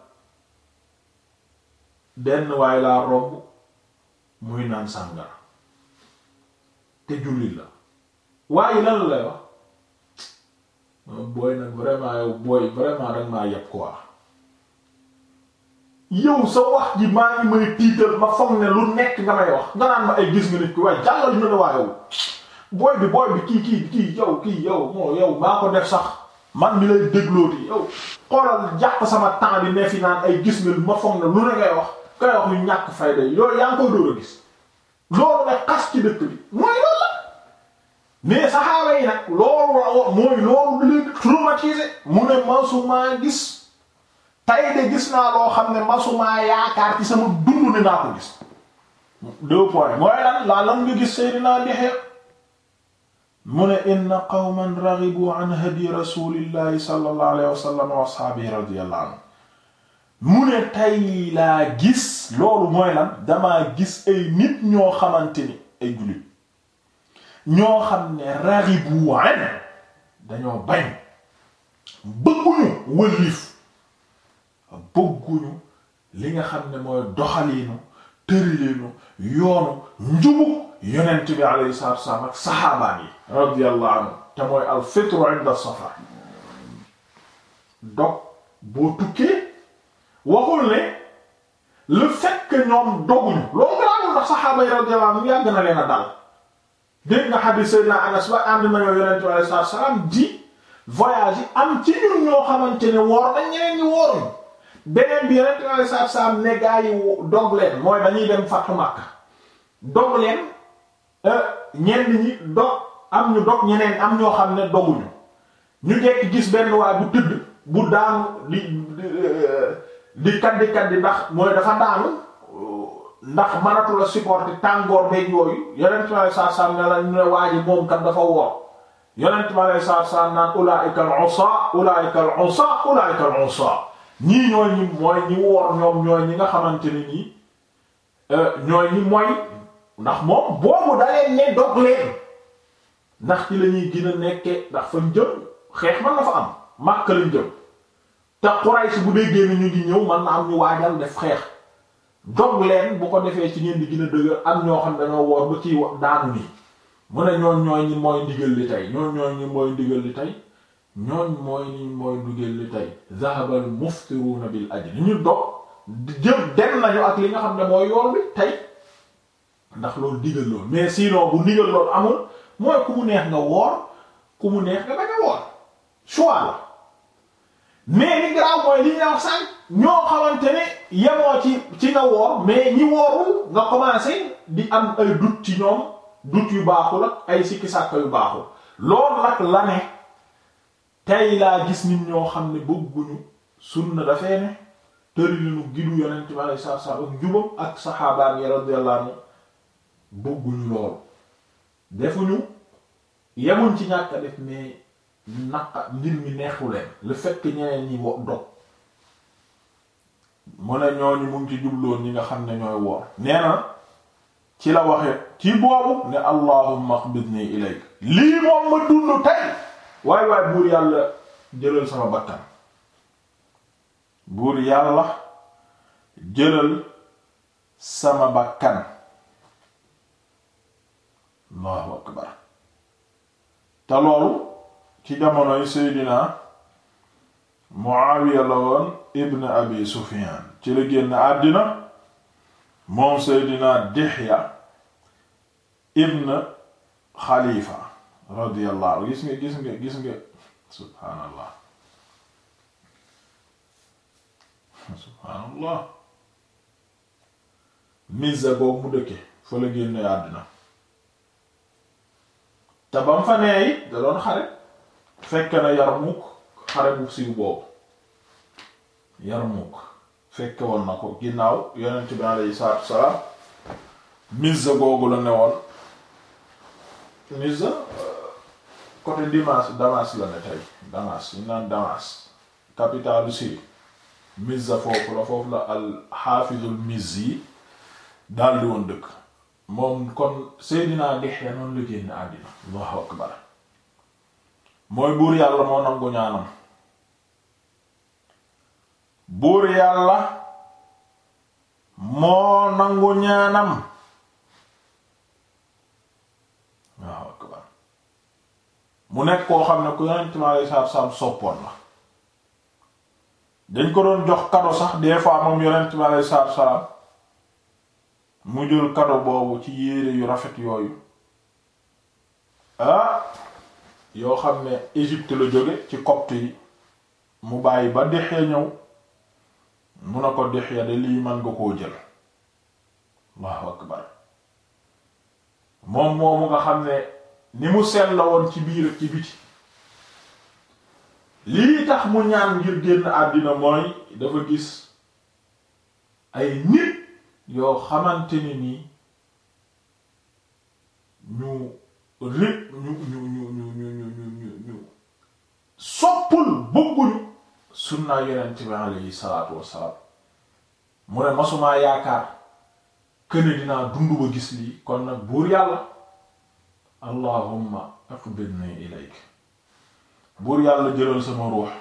benn waay laa romb muy naan sàngara te jullit la waaye lan lay wax moom booy nag vraiment yow booy vraiment dañ maa yeb quoi yow sa wax ji maa ngi may tiital ma foog ne lu nekk nga may wax nga naan ma ay gis nga nit ki waaye jàllal ñu ne waaye booy bi booy bi kii kii kii yow kii yow moo yow maa ko def sax man mi lay déglooti yow xoolal jàpp sama temps bi ne fi naan ay gis nga ma foog ne lu ne ngay wax kay wax yu ñàkk fayda yooyu yaa ngi koy gis loolu nag xas ci mooy loolu la mais nag loolu la wax mooy loolu di leen traumatisé mu ne masumaa gis tay de gis naa loo xam ne masumaa yaakaar ci sama dund ni naa ko gis deux points mooy laa lan nga gis Seydina Dihya mu ne inna qawman raghibu an hadi rasulillahi sallallahu alayhi wa sallam wa ashabihi radiyallahu mu ne tey laa gis loolu mooy lan damaa gis ay nit ñoo xamante ni ay jullit ñoo xam ne raribu an dañoo bañ bëgguñu wëllif bëgguñu li nga xam ne mooy doxaliinu tëriliinu yoonu njubu yonent bi alayhi salaatu wassalaam ak saxaabaan yi radiyallahu te mooy al fitru inda safar dog boo tukkee waxul ne lu fait ñoom doguñu loolu garaawul ndax saxaaba yi radiyallahu anhum yàgg na leen a dal dégg nga xadiis Seydina Anas ba di voyage yi am ci ñun ñoo xamante ne woor nañ ñeneen ñi wooruñu beneen bi yonent bi alayhi salaatu salaam ne gaa yi dog leen mooy dañuy dem fàttu Makka dog leen euh, ñenn ñu dog ñoo xam ne doguñu gis benn waay bu tëdd bu daanu li euh, li kaddi kaddi ndax mooy dafa daanu ndax mënatu la supporter tàngoor beeg yooyu yonent bi alayhi salaatu salaam ne la ñu ne moom kat dafa woor yonent bi alayhi salaatu salaam naan ulaa'ika al-'usaa ulaa'ika al-'usaa ulaa'ika al-'usaa ñii ñooy ñi mooy ñi woor ñoom ñooy ñi nga xamante ni nii euh, ñooy ñi mooy ndax moom boobu daleen ne dog leen ndax ci la ñuy gën a nekke ndax fañ jëm xeex man na fa am màkk lañ jëm te Quraysh bu déggee ni ñu di ñëw man na am ñu waajal def xeex dog leen bu ko defee ci ngeen di gën dëgër am ñoo xam dañoo woor ba ci daanu nii mu ne ñooñ ñooy ñi mooy ndigal li ñooñ mooy ndigal li tey ñooñ mooy ñi mooy ndigal li tey zahabal muftiruna bil ajr ñu dog jëm dem nañu ak li nga xam ne mooy yoon bi tey ndax loolu digal loolu mais sinon bu ndigal loolu amul mooy ku mu neex nga woor ku mu neex nga danga woor choix la mais li garaaw mooy li ñu wax sànq ñoo xamante ne yemoo ci ci nga woor mais ñi woorul nga commencé di am ay doute ci ñoom doute yu baaxul ak ay sikki sàkk yu baaxul loolu nag la ne tey laa gis nit ñoo xam ne bëgguñu sunna dafee ne tërilinu gidu yonent bi alayhi salaatu salaam ak njubam ak saxaabaan yi radiyallahu anhu bëgguñu loolu defuñu yemuñ ci ñàkk a def mais naqa mbir mi neexuleen le fait que ñi wo dog mu ne ñooñu mu ngi ci jubloon ñi nga xam ne ñooy woor nee na ci la waxe ci boobu ne allahumma axbidni ilayk lii moom ma dund tey waay waay buur yàlla jëlal sama bakkan buur yàlla jëlal sama bakkan allahu akbar te ci jamonoy seydina Muawiya la woon ibn abi Sufyan ci la génn àddina moom seydina Dihya ibn Xalifa radiyallahu gis nga gis nga gis nga subhaanallah subhaanallah misa boobu mu dëkke fa la génn àddina te bam fa neey da doon xare fekk na Yarmuk xare bu boobu Yarmuk fekke woon na ko ginnaaw yonent bi alayhi salaatu salaam Mizza googu la ne woon Mizza euh, côté Dimas Damas la ne tey Damas ñu naan Damas capitale Syrie Mizza foofu la foofu la al Hafizul Mizzi daldi woon dëkk moom kon Seydina Dihya noonu la génn àddina Allahu akbar mooy buur yàlla moo nangu ñaanam buur yàlla moo nangu ñaanam waaw akbar mu nekk koo xam ne ku yonent mi alayhi salaatu salaam soppoon la dañ ko doon jox kado sax des fois yonent mi alayhi salaatu salaam mu jël kado boobu ci yére yu rafet yooyu ah! yoo xam ne Égypte la jóge ci copte yi mu bàyyi ba Dihya ñëw mun a ko Dihya de lii man nga koo jël Allahu akbar moom moomu nga xam ne ni mu sell la woon ci biir ci biti lii tax mu ñaan ngir génn àddina mooy dafa gis ay nit yoo xamante ni nii ñu ré ñu ñu ñu ñu ñu ñu soppul bëgguñu sunnaa yonent bi alayhi salaatu wassalaam yaakaar këne dinaa dund ba gis lii kon nag buur yàlla allahumma aqbidni ilayk buur yàlla jëlal sama ruux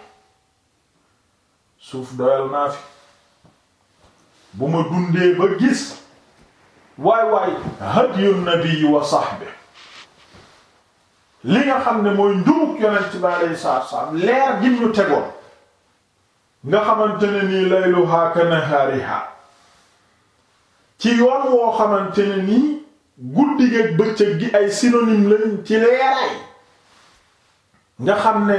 suuf doyal naa bu ma dundee ba gis waay waay hadyu nabi wa sahbi li nga xam ne mooy njurug yonent bi alayhi salaatu wasalaam leer gi ñu tegoon nga xamante ne nii layluha ka nahaariha ci yoon woo xamante ne nii guddi ak bëccëg gi ay synonyme lañ ci leeraay nga xam ne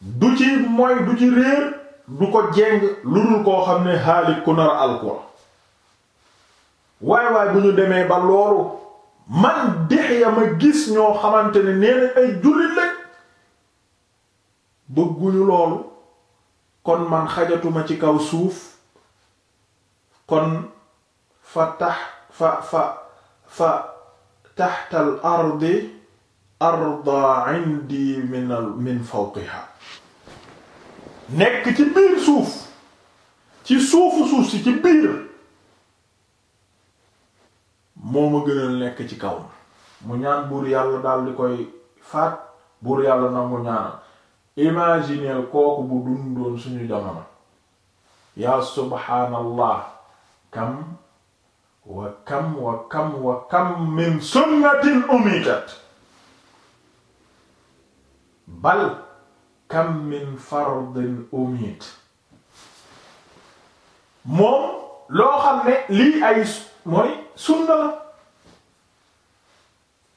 du ci mooy du ci réer du ko jeng lu dul koo xam ne haali ku nar alkura waay waay bu ñu demee ba loolu man Dihya ma gis ñoo xamante ne nee nañ ay jullit bëgguñu loolu kon man xajatuma ci kaw suuf kon fa tax fa fa fa taxta al ardi arda indi min min fawqiha nekk ci biir suuf ci suufu suuf si ci biir moo ma gënal nekk ci kaw mu ñaan buur yàlla daal di koy faat buur yàlla nangu ñaanam imagineel kooku bu dundoon suñu jamono yaa subhaanallah kam wa kam wa kam wa kam min sunnatin umitat bal kam min fardin umit moom loo xam ne lii ay mooy sunna la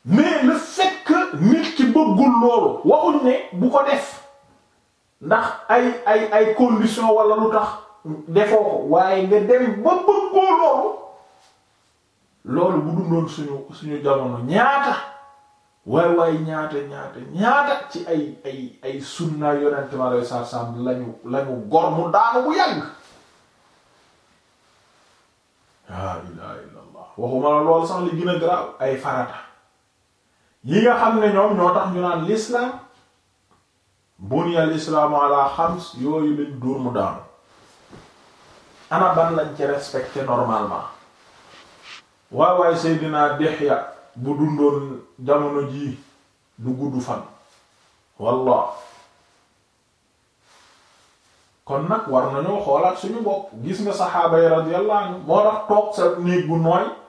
mais le fait que nit ki bëggul loolu waxuñ ne bu ko def ndax ay ay ay condition wala lu tax defoo waaye nga dem ba bëggoo loolu loolu bu dundoon suñu suñu jamono ñaata waaye waaye ñaata ñaata ñaata ci ay ay ay sunna yonent ma lay sa sam lañu lañu gor mu daanu bu yàgg waxuma la lool sax li gën a ay farata yi nga xam ne ñoom ñoo tax ñu naan l'islam bunya al-islaamu ala xams yooyu lañ dóor mu daanu ana lañ ci respecté normalement waay waay Seydina Dihya bu dundoon jamono jii du gudd fan wallah kon nag war nañoo xoolaat suñu bopp gis nga saxaaba yi radiyallahu anhu moo tax toog sa néeg bu nooy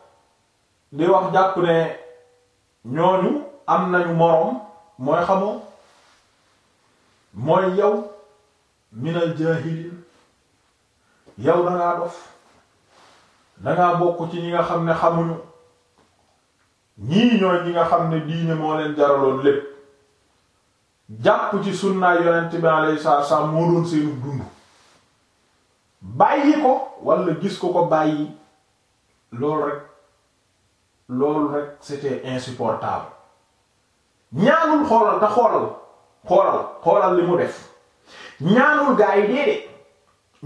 di wax jàpp ne ñooñu am nañu moroom mooy xamoo mooy yow minal jaahiliin yow dangaa dof dangaa bokk ci ñi nga xam ne xamuñu ñii ñooy ñi nga xam ne bii diine moo leen jaraloon lépp jàpp ci sunnaay yonent bi alayhi salaatu salaam moo doon seenu dund bàyyi ko walla gis ko ko bàyyi loolu rek loolu rek c'était insupportable ñaanul xoolal te xoolal xoolal xoolal li mu def ñaanul gaa yi de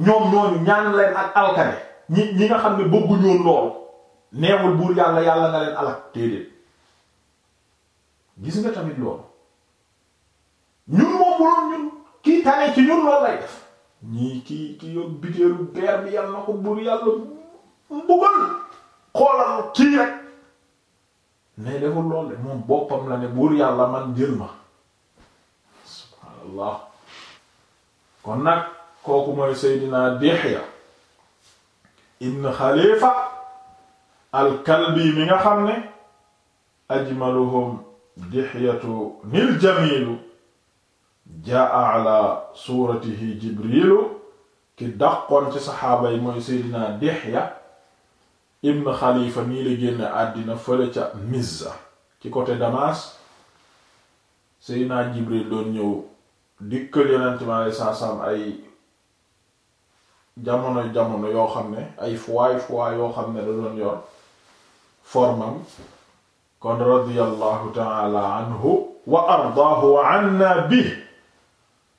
ñoom ñooñu ñaan leen ak alkane ñi ñi nga xam ne bëgguñoon loolu neewul buur yàlla yàlla nga leen alak déedéet gis nga tamit loolu ñun moom buloon ñun kii tane ci ñun loolu lay def ñii kii kii yoon bitéelu beer bi yàlla na ko buur yàlla mbugal xoolal kii rek mais deful lool de moom boppam la ne buur yàlla man jël ma subhaanallah kon nag kooku mooy Seydina Dihya ibn Khalifa al-Kalbi mi nga xam ne ajmaluhum Dihyatu nil jamilu jaa ala suratihi Jibrilu ki daqoon ci saxaaba yi Seydina Dihya ibn xalifa mii la génn àddina fële ca Mizza ci côté Damas Seydina Jibril doon ñëw dikkal yonent mi ay jamono jamono yoo xam ne ay fois fois yoo xam ne da doon yor formam kon radiyallahu ta'ala anhu wa ardaahu wa anna bihi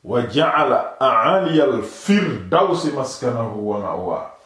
wa ja'ala a'ali al-firdawsi maskanahu wa ma'waahu